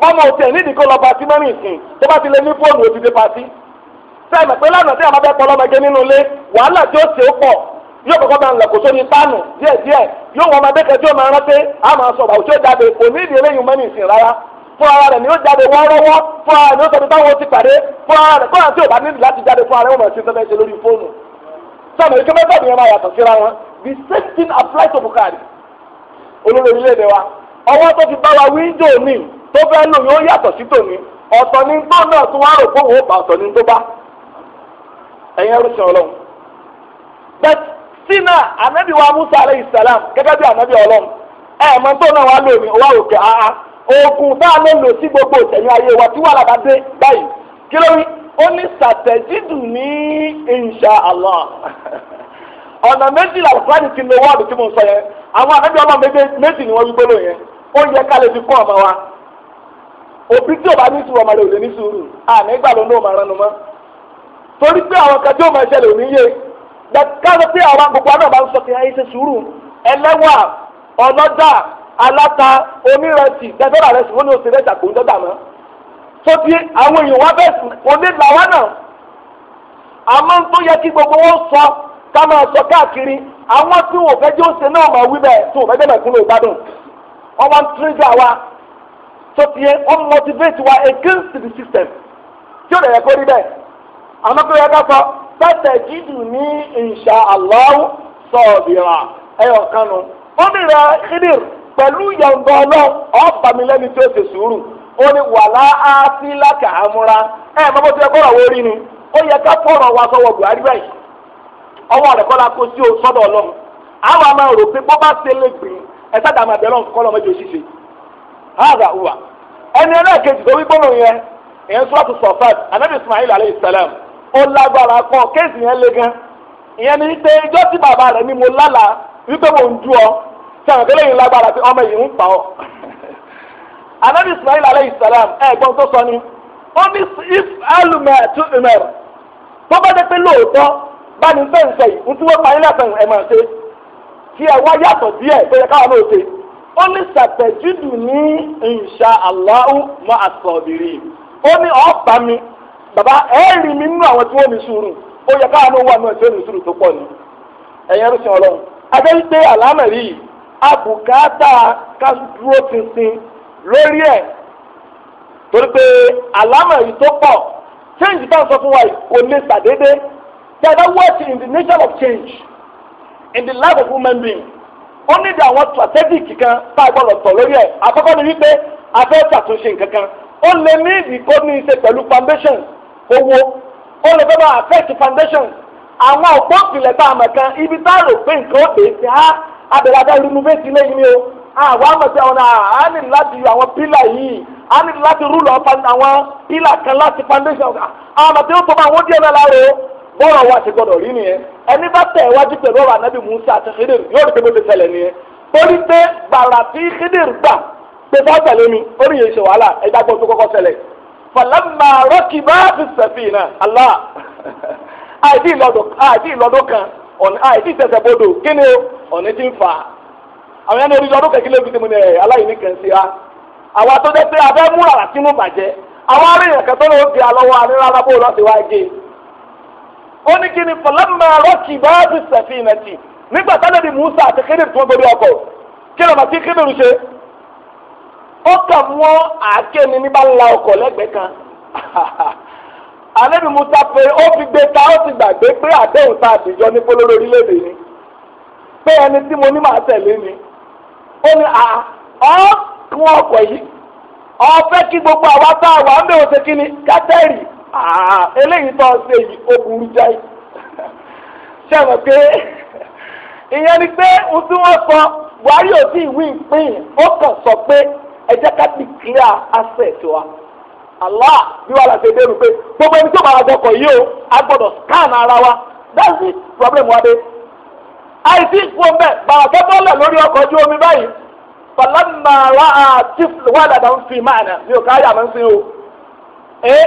A: bọ́mọ òtí ẹ̀ nídìí kó lọ pati mẹ́rin ìsìn tó bá ti lé ní fóònù òtí dé pati. sẹ́yìn pé lánàá tí a máa fẹ́ nínú ilé wàhálà tí ó ṣe ó pọ̀ yóò kọ́kọ́ máa ń lẹ̀kọ́ sóni pánù díẹ̀díẹ̀ yóò wọ́n máa máa rántí máa àwùjọ jáde kò ní ìsìn rárá fún ara rẹ̀ ni ó jáde fún ara rẹ̀ ni ó sọ pé tó fẹ́ lò yóò yàtọ̀ sí tòní ọ̀tọ̀ ni tó náà tún wá rò fóun ó bá ọ̀tọ̀ ni tó bá ẹ̀yin ẹrú sin ọlọ́run bẹ́ẹ̀ sínú musa aleyhi salam gẹ́gẹ́ bí ànábì ọlọ́run ẹ̀ mọ tó náà wá lò ní wá òkè àá oògùn tá a lè lò sí gbogbo ìtẹ̀yìn ayé wa tí wàhálà bá dé báyìí kí ló rí ó ní sàtẹ̀jídù ní insha allah ọ̀nà ti lo wọ́ọ̀dù tí mo sọ yẹn àwọn ọlọ́run òbí tí ò bá ní sùúrù ọmọ rẹ ò lè ní sùúrù àmì ìgbà ló ń lò máa ránu mọ́ torí pé àwọn kan tí ó máa ṣẹlẹ̀ òní yé káàdé pé àwọn gbogbo àná bá ń sọ pé ayé ṣe sùúrù ẹlẹ́wà ọlọ́dà aláta onírẹsì dẹ́tọ́rà rẹ̀ sì wọ́n ní oṣù rẹ̀ ṣàkóso dọ́dà mọ́ tó ti àwọn èèyàn wá bẹ́ẹ̀ sùn òní làwa náà àmọ́ tó yẹ kí gbogbo wọn sọ ká máa sọ káàkiri àwọn tí wọn ò fẹ́ jẹ́ òṣè náà máa wí bẹ́ẹ̀ tó fẹ́ jẹ́ mẹ̀kúnnù ìgbádùn wọn wá wa sọtiẹ wọn wa against the system tí o lè yẹ kó rí bẹ́ẹ̀ àmọ́ pé n'i sọ pẹ́tẹ́ jíjù ní insha Allah sọ̀bìrà kanu ó ní rẹ Khidir pẹ̀lú yọ̀ǹda ọlọ́run ọ̀bà mi lẹ́ni tí ó ṣe sùúrù ó ní wàlá lákà ámúra ẹ̀ yẹ kó rà rí ni ó yẹ ká fọ̀rọ̀ wa sọ̀wọ́ Buhari báyìí ọwọ́ rẹ̀ kó sí o sọ́dọ̀ ọlọ́run àwọn gbìn ẹ̀ hàdà wà ẹni ẹlẹ́ẹ̀kejì tó wí gbọmọ yẹn ìyẹn sọ́ọ̀tù sọ̀fẹ́t anabi ismail alayhi salam ó lágbára kọ kéèsì yẹn le gan ìyẹn ni pé ijọ́ ti bàbá rẹ̀ ni mo lálà wípé mo ń dú ọ tí àwọn akẹ́lẹ́ yìí lágbára pé ọmọ yìí ń pa ọ. anabi ismail alayhi salam tó sọ ni ó ní if alumẹ tu tó bá dé pé lóòótọ́ bá ní fẹ́ǹsẹ̀ yìí ń wọ́n ẹ̀ máa ṣe kí ẹ wá yàtọ̀ ó ní ní insha Allah ma'a sabirin ó ní ọ̀pá mi bàbá mi nínú àwọn tí wọ́n ní sùúrù ó yẹ káwọn ló wà tí ó ní sùúrù tó pọ̀ ni ẹ̀yẹn ọlọ́run àlámẹ̀rí yìí dúró tuntun lórí ẹ̀ torí pé àlámẹ̀rí tó pọ̀ change bá ń sọ fún wa kò lè sàdédé in the nature of change in the life of human being. ó nídìí àwọn strategic kan tá a gbọ́dọ̀ tọ̀ lórí ẹ̀ àkọ́kọ́ ni wípé a fẹ́ ṣàtúnṣe nǹkan kan ó lè ní ìdíkó ní í ṣe pẹ̀lú foundation owó ó lè fẹ́ bá affect foundation àwọn òpó ìpìlẹ̀ tá a mọ̀ kan ibi tá a rò pé nǹkan ó dé sí á abẹ̀rẹ̀ abẹ́ renovate ilé yìí ni o àwọn àmọ̀tẹ́ ọ̀nà á ní láti yọ àwọn pílà yìí á ní láti rúlọ̀ àwọn pílà kan láti foundation àmọ̀tẹ́ ó tó bá àwọn ó díẹ̀ náà láàárọ̀ bọ́ọ̀rọ̀ wa ti gbọ́dọ̀ rí nìyẹn ẹni bá tẹ̀ wájú pẹ̀lú ọ̀rọ̀ ànábì Musa àti Khidir yóò rí pé bó ti ṣẹlẹ̀ nìyẹn torí pé gbàrà tí Khidir gbà pé bá tẹ̀lé mi ó rí yẹn ṣe wàhálà ẹ̀dá gbọ́ tó kọ́kọ́ ṣẹlẹ̀ falamma rakiba fi safina Allah àìdí ìlọ́dún kan àìdí ìtẹ̀sẹ̀ bodò kí ni ọ̀nì ti ń fà á àwọn yẹn ní orí lọ́dún kẹ̀kẹ́ lóbi ti mu ní ẹ̀ aláìní kan sí wa àwọn àtọ́jọ́ pé abẹ́ múra àtinú bàjẹ́ àwọn ó ní kí ni fọlọ́mà rọ́ọ̀kì bá ti sẹ̀fì nàìjí nígbà táwọn ẹni Musa àti Khidir tí wọ́n gbé ọkọ̀ kí lọ́mà tí Khidir ṣe ó kà mọ́ àáké ni ní bá ń la ọkọ̀ lẹ́gbẹ̀ẹ́ kan alẹ́bi Musa pé ó fi gbé ta ó ti gbàgbé pé àdéhùn tá a dìjọ ní polówó orílẹ̀-èdè ni pé ẹni tí mo ní màá tẹ̀lé ni ó ní à ọ́ kún ọkọ̀ yìí ọ fẹ́ kí gbogbo àwa tá a wà ń bẹ̀rù ṣe kí ni kátẹ́rì Ah, eléyìí tó ń ṣe yìí ó burú ṣe mọ̀ pé ìyẹn ni pé buhari ò tí ìwé ìpín ó sọ pé ẹ jẹ́ ká ti clear asset wa allah bí wàá gbogbo ẹni tó bá àjọkọ̀ yìí o a ara wa that's it problem wa dé àìsí ìfún bẹ́ẹ̀ bàbá kẹ́kọ̀ọ́ lẹ̀ lórí omi báyìí ń fi máa nà o. Eh?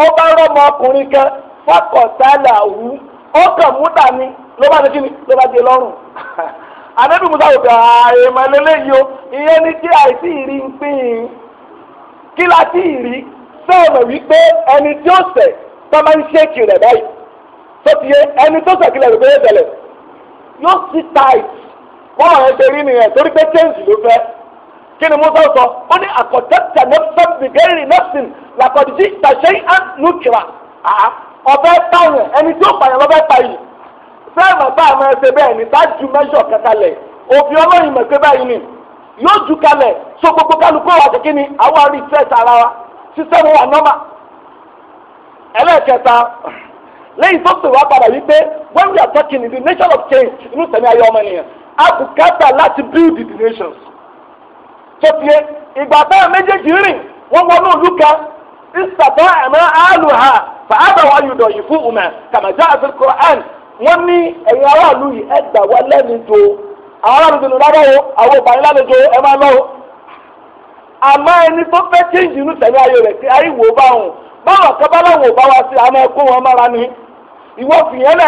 A: ó bá rọ́mọ ọkùnrin kan fọkọ̀tàlà wú ó kàn mú dání ló bá ní kí ni ló bá dé lọ́rùn àdébí musa kò kà àìmọ̀ lélẹ́yìí o ìyẹn ní kí àìsí ìrí ń pín in kí la ti ìrí sọ̀rọ̀ wípé ẹni tí ó ṣẹ̀ tó máa ń ṣèkì rẹ̀ báyìí tó ti yé ẹni tó ṣẹ̀ kí lè rò pé ó ṣẹlẹ̀ yóò sì tàìtì wọ́n àwọn ẹgbẹ́ rí nìyẹn torí pé change ló fẹ́ kí musa sọ ó ní àkọ́tẹ́tà nẹ́fẹ̀m bìgẹ́rì nẹ́fẹ̀m làkọ̀dìjì tàṣẹ́ án nùkìrà ọ̀fẹ́ ẹni tí ó pààyàn lọ́fẹ́ pààyàn fẹ́ẹ̀mà bá àwọn ẹsẹ̀ bẹ́ẹ̀ ni bá ju mẹ́ṣọ̀ kankanlẹ̀ òfin ọlọ́yin mọ̀ báyìí ni yóò ju kalẹ̀ so gbogbo kálukú wa kékeré ni àwọn àrí fẹ́ẹ̀sì ara wa ṣiṣẹ́ wọn wà nọ́mà ẹlẹ́ẹ̀kẹta lẹ́yìn tó pè padà yìí pé when we are talking in the nation of change inú sẹ́ni ayé ọmọ nìyẹn a bùkátà láti build the nations. sọ́tiẹ́ ìgbà táwọn méjèèjì rìn wọ́n wọnú ìlú kan ìsàtọ́ àmọ́ àlùhà fàábàwọ̀ ayùdọ̀ yìí fún ùmẹ̀ kàmájà àti Qur'an wọ́n ní ẹ̀yin aráàlú yìí ẹ̀ gbà wá lẹ́nìjọ àwọn aráàlú nínú lábọ́ wo àwọn òbáyé lálejò ẹ máa lọ́wọ́ àmọ́ ẹni tó fẹ́ change inú tẹ̀lé ayé rẹ̀ tí ayé wò bá wọn báwọn kan bá bá wa sí àmọ́ ẹkún wọn mára ni ìwọ fìyẹn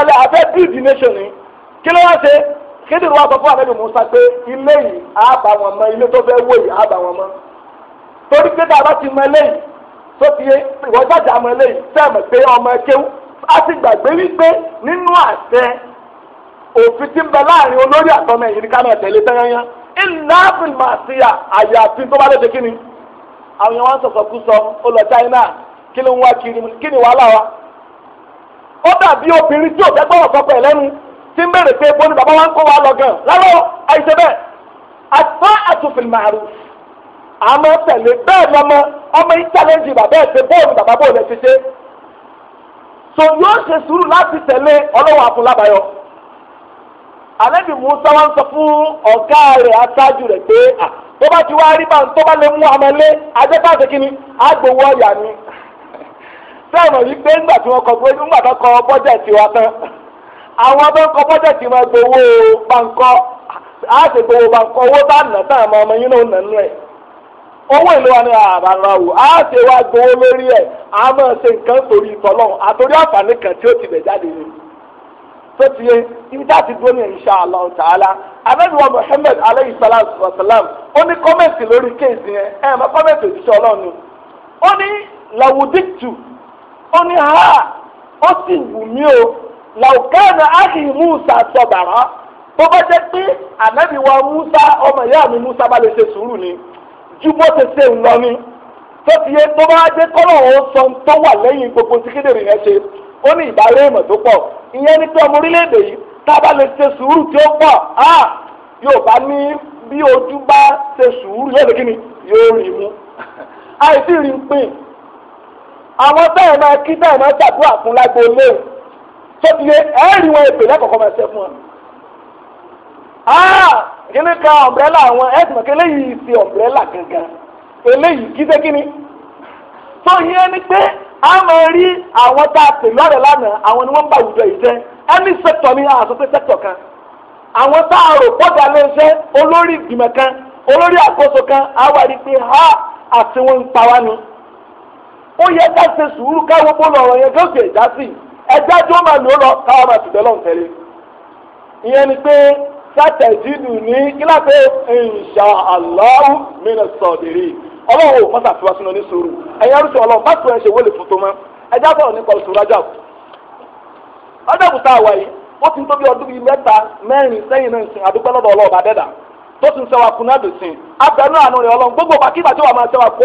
A: lẹ́ kíndìnrín wa sọ fún musa pé ilé yìí á bá wọn mọ ilé tó fẹ́ wó yìí á bá wọn mọ torí pé tá a bá ti mọ eléyìí tó ti yé pé ọmọ a ti gbàgbé wípé nínú àṣẹ òfin ti ń bẹ láàrin olórí àtọmọ ẹ̀yìn ká tẹ̀lé àti tó bá lè àwọn yẹn wá ń sọ̀sọ̀ kú tí ń bèrè pé bó bàbá wa ń kó wa lọ gan láró àìsè bẹ́ẹ̀ àtọ́ àtúfin màrú àmọ́ tẹ̀lé bẹ́ẹ̀ lọ́mọ ọmọ yìí challenge bàbá pé bàbá ẹ̀ ti ṣe so yóò ṣe láti ọlọ́wọ́ musa wa ń sọ fún ọ̀gá rẹ̀ aṣáájú rẹ̀ pé tó bá ti wá rí bá ń tó bá lè àwọn tó ń ma bọ́jẹ̀tì máa gbowó bankọ́ á sì gbowó bankọ́ owó bá à nà tá àmọ́ ọmọ yín náà nà nù ẹ̀ owó ìlú wa ni àbàrà wò a sì wá gbowó lórí ẹ̀ á máa ṣe nǹkan torí ìtọ́lọ́hún àtòrí àǹfààní kan tí ó ti bẹ̀ jáde ni tó ti yé ibi tá a ti dúró ní insha Allah salatu wa salam ó ní kọ́mẹ̀tì lórí kéèsì yẹn ẹ̀ kọ́mẹ̀tì òṣìṣẹ́ ọlọ́run ó ní làwùdíktù ó ní ha ó sì wù mí o làwùkẹ́ẹ̀nà áhì Musa sọ̀bàrà tó bá jẹ́ pé ànábì wa Musa ọmọ ìyá mi Musa bá lè ṣe sùúrù ni ju bó ṣe ṣe ń lọ ni tó ti yẹ tó bá dé kọ́nà ó sọ tó wà lẹ́yìn gbogbo tí Kídírì yẹn ṣe ó ní ìbárẹ́ ìmọ̀ tó pọ̀ ìyẹn ní pé ọmọ orílẹ̀-èdè yìí tá a bá lè ṣe sùúrù tí ó pọ̀ á yóò bá ní bí ojú bá ṣe sùúrù yóò lè kí yóò rí mu àìsí rí ń pè àwọn táyà máa kí táyà máa ṣàdúrà fún lágbo léwu sọ́tìlẹ̀ ẹ̀rí wọn èpè lẹ́kọ̀ọ́kọ́ máa ṣe fún wọn. Ah, kíní ka ọ̀mbrẹ́là àwọn ẹ̀sìn mọ̀kẹ́ eléyìí ṣe ọ̀mbrẹ́là gangan eléyìí kíṣe kíní. tó yẹ ni pé a máa rí àwọn tá a pè lọ́rẹ̀ lánàá àwọn ni wọ́n bá àwùjọ yìí jẹ́ ẹni sẹ́tọ̀ ni àṣọ pé sẹ́tọ̀ kan àwọn tá a rò pọ́jà lè ṣe olórí ìgbìmọ̀ kan olórí àkóso kan àwárí pé ha àti wọn ń pa wá ni ó yẹ ká ṣe sùúrù káwọn bó lọ ọ̀rọ̀ yẹn gòkè dá sí i ẹja jó máa lò lọ káwọn máa tùbẹ́ lọ́n tẹ́lẹ̀ ìyẹn ni pé ní insha Allah mina sọ̀dìrì ọlọ́wọ́ mọ́tà wá sínú ní ẹ̀yin arúgbó ọlọ́wọ́ bá tó ẹ̀ ṣe wọlé rájà ọdẹ́kùtà ó ti ń tóbi ọdún bíi mẹ́ta mẹ́rin sẹ́yìn náà sìn àdúgbò lọ́dọ̀ ọlọ́ọ̀bà dẹ́dà tó ti ń gbogbo máa sẹ́wà kó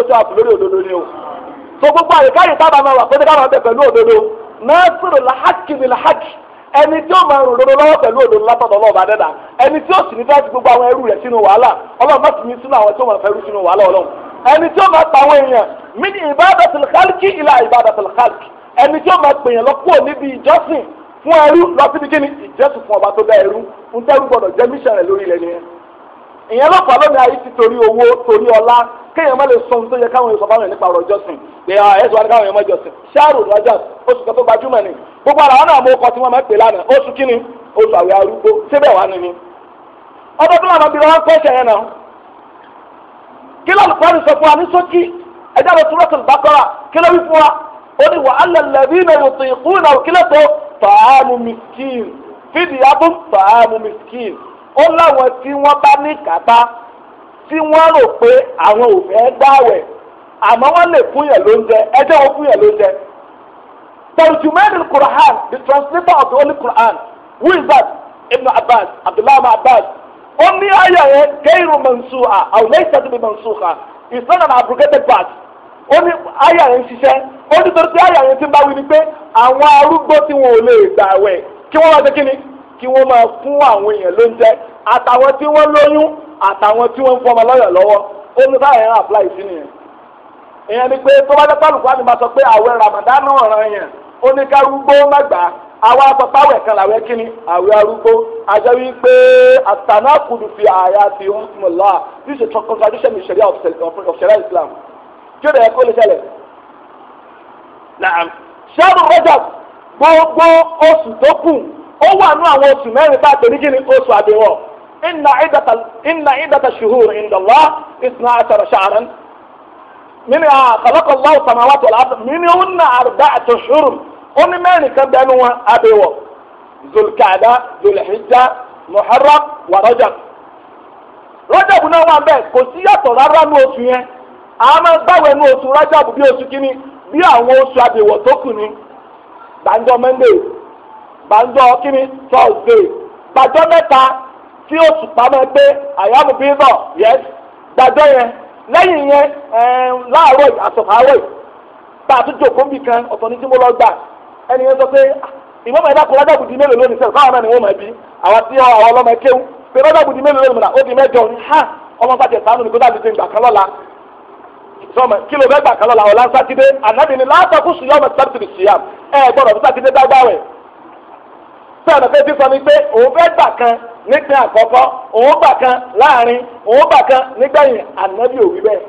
A: sẹ́wà ni o ناصر الحق bi lahaki ẹni tí ó máa rò lọ́dọ̀ lọ́wọ́ pẹ̀lú òdòdó látọ̀dọ̀ ọlọ́ọ̀bá dẹ́dà ẹni tí ó sì ní fẹ́ ti gbogbo àwọn ẹrú rẹ̀ sínú wàhálà ọlọ́run má ti ní sínú àwọn tí ó máa fẹ́ rú sínú wàhálà ọlọ́run ẹni tí ó máa pa àwọn èèyàn mí ní ibadatul khalqi ila ibadatul khalqi ẹni tí ó máa pèèyàn lọ kúrò níbi ìjọsìn fún ẹrú lọ síbi kí ni ìjọsìn fún ọba tó dá ẹrú ń tẹ́rú gbọ́dọ̀ kéèyàn má lè sọ ohun tó yẹ káwọn èèyàn sọ fáwọn èèyàn nípa ọ̀rọ̀ ìjọsìn pé ẹ̀sùn ah, wa ni káwọn èèyàn má jọsìn ṣáàrù lọ́jà oṣù kan tó gbajúmọ̀ ni gbogbo ara wọn náà mú ọkọ tí wọ́n máa pè lánàá oṣù kínní oṣù àwẹ̀ arúgbó síbẹ̀ wà nínú. ọdún tó lànà bí wọn pẹ́ṣẹ̀ yẹn náà kí ló lùkọ́ sọ fún wa ní sókí ẹjọ́ lọ Suratul Baqara kí ló wí fún wa ó ní tí wọ́n rò pé àwọn ò fẹ́ gbáwẹ̀ àmọ́ wọ́n lè fún yẹn lóúnjẹ ẹjẹ́ wọn fún yẹn lóúnjẹ. Tarjuman al-Quran the translator of the Holy Quran who is that Ibn Abbas Abdullah Abbas ó ní ayé yẹn gairu mansuha aw laysa bi mansuha it's not an abrogated part ó ní ayé yẹn ṣiṣẹ́ ó ní torí pé ayé yẹn ti ń bá wí ni pé àwọn arúgbó tí wọn ò lè gbààwẹ̀ kí wọ́n máa ṣe kí ni kí wọ́n máa fún àwọn èèyàn lóúnjẹ àtàwọn tí wọ́n lóyún àtàwọn tí wọ́n ń fọmọ lọ́yọ̀ lọ́wọ́ ó ló bá yẹn apply sí nìyẹn ìyẹn ni pé tó bá dẹ́pẹ́ lùkọ́ àti máa sọ pé àwẹ̀ Ramadan ọ̀ràn yẹn ó ní ká rúgbó má gbà á àwa àpapáwẹ̀ kan làwẹ̀ kíni àwẹ̀ arúgbó àjọ wí pé àtàná kùdù fi àyà ti ń mọ̀ lọ́à this is a contradiction in sharia of sharia Islam kí ó dẹ̀ yẹ kó lè ṣẹlẹ̀ naam ṣẹ́rù Rajab gbogbo oṣù tó kù ó wà nú àwọn oṣù mẹ́rin bá torí kíni oṣù àbẹ̀wọ̀ إن عدة إن عدة الشهور عند الله اثنا عشر شهرا من خلق الله السماوات والأرض منهن أربعة شهور قل مالك بأنه أبيو ذو القعدة ذو الحجة محرم ورجب rọ́jàbù náà wà bẹ́ẹ̀ kò sí yàtọ̀ rárá ní oṣù yẹn àmọ́ báwo ní oṣù rọ́jàbù bí oṣù kínní bí àwọn oṣù àbẹ̀wọ̀ tó kù ní gbàǹjọ́ monday gbàǹjọ́ kínní thursday gbàjọ́ mẹ́ta tí ó sì pamọ́ pé àyàmù bí bọ̀ yẹn gbàjọ́ yẹn lẹ́yìn yẹn láàárọ̀ àsọ̀kàárọ̀ a tún jòkó bì kan ọ̀tọ̀ ní tí mo lọ gbà ẹni yẹn sọ pé ah, ìmọ̀ mẹ́ta kò rájà bùdí mélòó lónìí sẹ́yìn báwọn ni wọ́n máa bí àwọn tí àwọn ọlọ́mọ kéwù pé bùdí mélòó lónìí ó ha ọmọ sàtẹ̀ sànù ní nípìn àkọ́kọ́ òun bà kan láàrin òun bà kan nígbẹ̀yìn ànábì òwì bẹ́ẹ̀.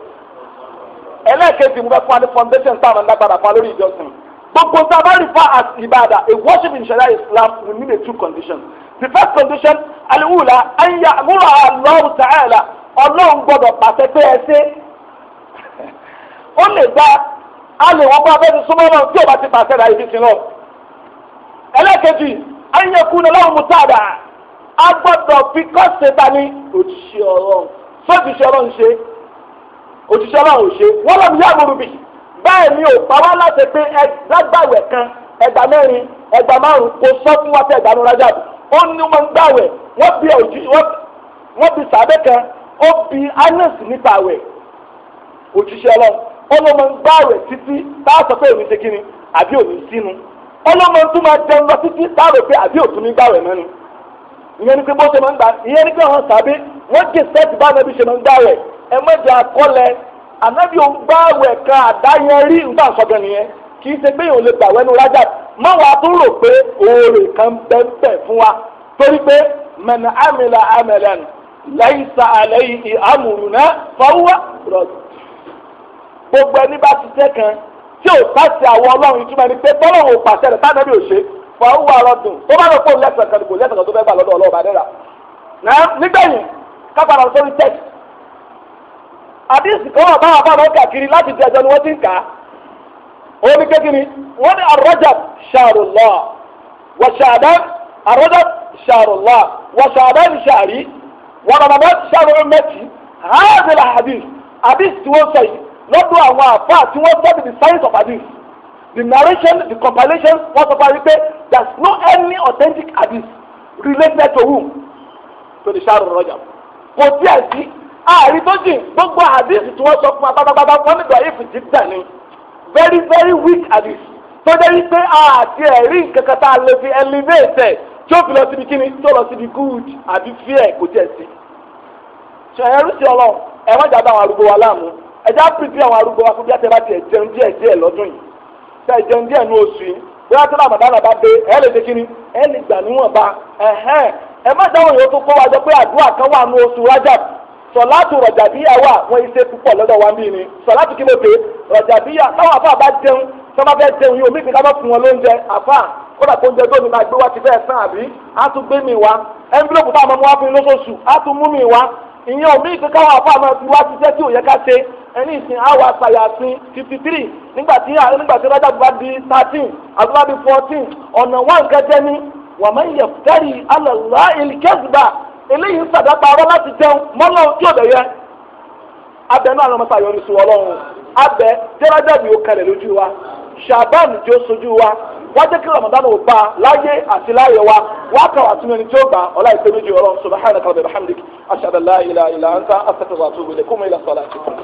A: ẹlẹ́ẹ̀kejì mo fẹ́ fún foundation táwọn fún lórí ìjọsìn gbogbo tá a bá as ibada a worship in sharia Islam we need a two conditions the first condition aliwula anya amúra Allah ta'ala ọlọ́run gbọ́dọ̀ pàṣẹ pé ẹ ṣe ó lè dá o bá abẹ́ súnmọ́ náà tí ò bá ti pàṣẹ anya kú a gbọ́dọ̀ fi kọ́sẹ̀ ta ní òṣìṣẹ́ ọlọ́run tó òṣìṣẹ́ ọlọ́run ṣe òṣìṣẹ́ ọlọ́run ṣe wọ́n lọ́n yá múlùbí bẹ́ẹ̀ ni ò pa láti pé ẹgbàgbàwẹ̀ kan ẹgbà mẹ́rin ẹgbà márùn kò sọ fún wa tẹ ẹgbà nu rajab ó ní wọn gbàwẹ̀ wọ́n bí wọ́n bí sàbẹ̀ kan ó bí anas nípa àwẹ̀ òṣìṣẹ́ ọlọ́run ó ló máa ń gbàwẹ̀ títí tá a sọ pé òní ṣe kíni àbí òní sínú ó ló máa ìyẹn ni pé bó ṣe máa ń gbà ìyẹn ni pé àwọn sàbí wọ́n jẹ sẹ́ẹ̀tì bá anabi ṣe máa ń gbà rẹ̀ ẹ mọ̀jẹ̀ àkọlẹ̀ anabi ò ń gbà wẹ̀ ká àdáyẹrí nígbà sọ́gàn nìyẹn kì í ṣe pé yòó lè gbà wẹ́nu rájà má wàá tún rò pé oore kan bẹ́ẹ̀ fún wa torí pé mẹ̀nà àmìlà àmìlà laysa alayhi amruna fahuwa rad gbogbo ẹni bá ti sẹ́ kan tí ò bá ti àwọn ọlọ́run ìtumọ̀ ni pé bọ́lọ̀ ò pàṣẹ rẹ̀ tánàbí ò ṣe é fàáwù àrọ̀dùn tó bá lọ fóun lẹ́sàn kan kò lẹ́sàn kan tó fẹ́ gbà lọ́dọ̀ ọlọ́ọ̀bà dẹ́ra. nígbẹ̀yìn kápára sórí tẹ́ẹ̀tì àdìsí kan wà báwa báwa ó kàkiri láti di ẹjọ́ ni wọ́n ti ń kà á. ó ní kékeré wọ́n ní àrọ́jà ṣàrùlọ́ wọ̀ṣàdá àrọ́jà ṣàrùlọ́ wọ̀ṣàdá ṣàrí wọ̀rọ̀mọ̀mọ́ ṣàrùlọ́ mẹ́tì hàádìlà àdìs àdìs tí wọ́n sọ yìí lọ́dọ̀ àwọn àfáà tí wọ́n sọ́ọ́ the narration the compilation wọ́n sọ fún wa wípé there is no any authentic hadith related to whom to the sharon roger kò tí ẹ̀ sí ààrí tó jìn gbogbo hadith tí wọ́n sọ fún wa pátápátá wọ́n nígbà yìí fìdí dà ní very very weak hadith tó jẹ́ wípé àti ẹ̀rí nǹkan kan tá a lè fi elevate ẹ̀ tí ó fi lọ síbi kíni tó lọ síbi good àbí fear kò tí ẹ̀ sí. ṣèyẹrù sí ọlọ́run ẹ̀ má jà bá àwọn arúgbó wa láàmú ẹ̀ já pìtì àwọn arúgbó wa fún bí a ti bá tiẹ̀ jẹun díẹ̀ díẹ̀ lọ́dún yìí tẹ jẹun díẹ̀ ní oṣù yìí bóyá tí làbàdà làbà dé ẹ lè ṣe kíni ẹ lè gbà níwọ̀nba ẹ̀hẹ́n ẹ má dáhùn yóò tó kó wa jọ pé àdúrà kan wà ní oṣù Rajab sọláàtù rọjàbíyà wà wọn iṣẹ́ púpọ̀ lọ́dọ̀ wa mí ni sọláàtù kí ló pé rọjàbíyà táwọn àfa bá jẹun tí wọn bá fẹ́ jẹun yìí omi kìí dábàá fún wọn lóúnjẹ àfa ó dà kó oúnjẹ tó ní máa gbé wá ti fẹ́ sàn àbí á tún gbé mi wá ẹnbílòpù tá a máa fún yín lóṣooṣù á tún mú mi wá ìyẹn òmí ìkẹ́kẹ́ àwọn afọ àmọ́ ìwà ṣiṣẹ́ tí ò yẹ ká ṣe ẹni ìsìn àwọn àṣàyà sí fifty three nígbà tí nígbà tí rájà bá di thirteen ni wà máa ń yẹ fẹ́rì alàlá ìlìkẹ́sìgbà eléyìí ń sàdápa ọ̀rọ̀ láti jẹun mọ́nà tí ò bẹ̀yẹ. abẹ náà lọ́mọ sàyọ̀ ní wa ṣàbáàmù tí ó sojú wa wá jẹ́ kí ramadan ò bá a láyé àti láyé wa wá kà wá sínú ẹni tí ó gbà ọlá ìpè méjì ọlọ́run subahana kalabi alhamdulilayi ashhadu an la ilaha illa anta astaghfiruka wa atubu ilayk kum ila salatikum.